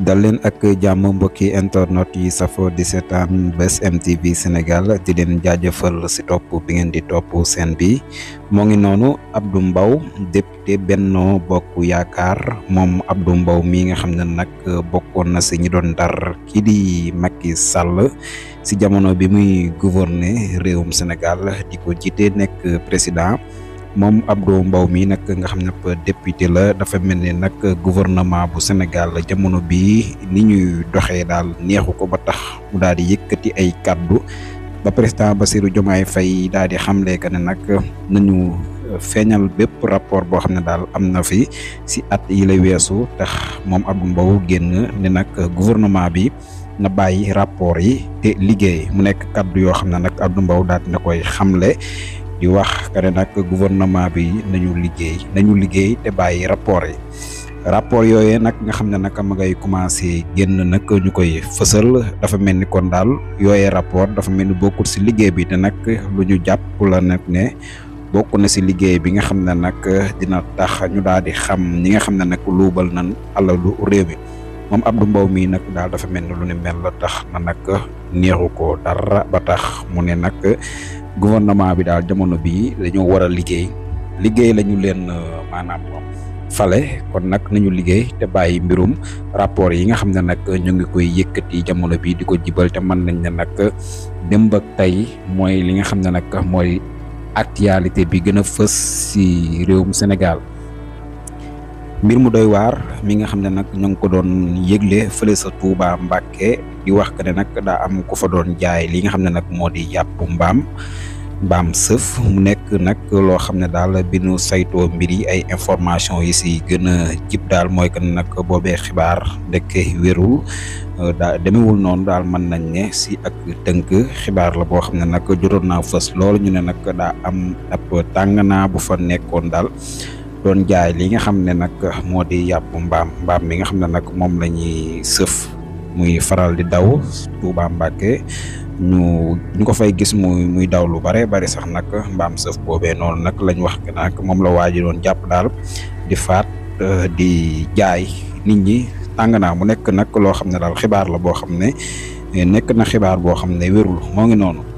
dal leen ak jàmm mbokki internet yi safo di seetaan Buzz M TV Sénégal di leen jaajëfal si topp bi ngeen di topp seen bi moo ngi noonu Abdou mbaw député Benno Bokk Yaakaar moom Abdou mbaw mi nga xam ne nag bokkoon na si ñi doon dar kii di Macky Sall si jamono bi muy gouverner réewum Sénégal di ko jiite nekk président moom Abdou mbaw mii nag nga xam ne député la dafa mel ni nag gouvernement bu Sénégal jamono bi ni ñuy doxee daal neexu ko ba tax mu daal di yëkkati ay kàddu ba président Bassirou Diomaye Faye daal di xamle que ne nag nañu feeñal bépp rapport boo xam ne daal am na fi si at yi lay weesu tax moom Abdou mbaw génn ne nag gouvernement bi na bàyyi rapport yi te liggéey mu nekk kàddu yoo xam ne nag Abdou mbaw daal dina koy xamle di wax que ne nag gouvernement bi nañu liggéey nañu liggéey te bàyyi rapport yi rapport yooyee nag nga xam ne nag ma ngay commencé génn nag ñu koy fësal dafa mel ni kon daal yooyee rapport dafa mel ni bokkul si liggéey bi te nag lu ñu jàpp la nag ne bokk na si liggéey bi nga xam ne nag dina tax ñu daal di xam ñi nga xam ne nag luubal nan alalu réew mi moom Abdou Mbow mii nag daal dafa mel ni lu ni mel la tax na nag neexu ko dara ba tax mu ne nag gouvernement bi daal jamono bii dañoo war a liggéey liggéey lañu leen euh, maanaam fale kon nag nañu liggéey te bàyyi mbirum rapport yi nga xam ne nag ñu ngi koy yëkkati jamono bi di ko jibal te mën nañ ne nag démb ak tey mooy li nga xam ne nag mooy actualité bi gën a fës ci réewum Sénégal mbir mu doy waar mi nga xam ne nag ñoo ngi ko doon yëgle fale sa Touba mbakke di wax ko ne nag daa am ko fa doon jaay li nga xam ne nag moo di yàpp mbaam mbaam sëf mu nekk nag loo xam ne daal bi nu saytoo mbir ay information yi si gën a jib daal mooy que nag boobe xibaar ndekk wérul euh, daa demewul noonu daal mën nañ ne si ak tënk xibaar la boo xam ne nag jotoon naa fës loolu ñu ne nag daa am tàng naa bu fa nekkoon daal doon jaay li nga xam ne nag moo di yàpp mbaam mbaam mi nga xam ne nag moom lañuy ñuy sëf muy faral di daw Tuubaa Mbàkke ñu ñu ko fay gis muy muy daw lu bare bari sax nag mbaam sëf boobee noonu nag lañ wax nag moom la waa ji jàpp daal di faat euh, di jaay nit ñi tàng naa mu nekk nag loo xam ne daal xibaar la boo xam ne nekk na xibaar boo xam ne wérul moo ngi noonu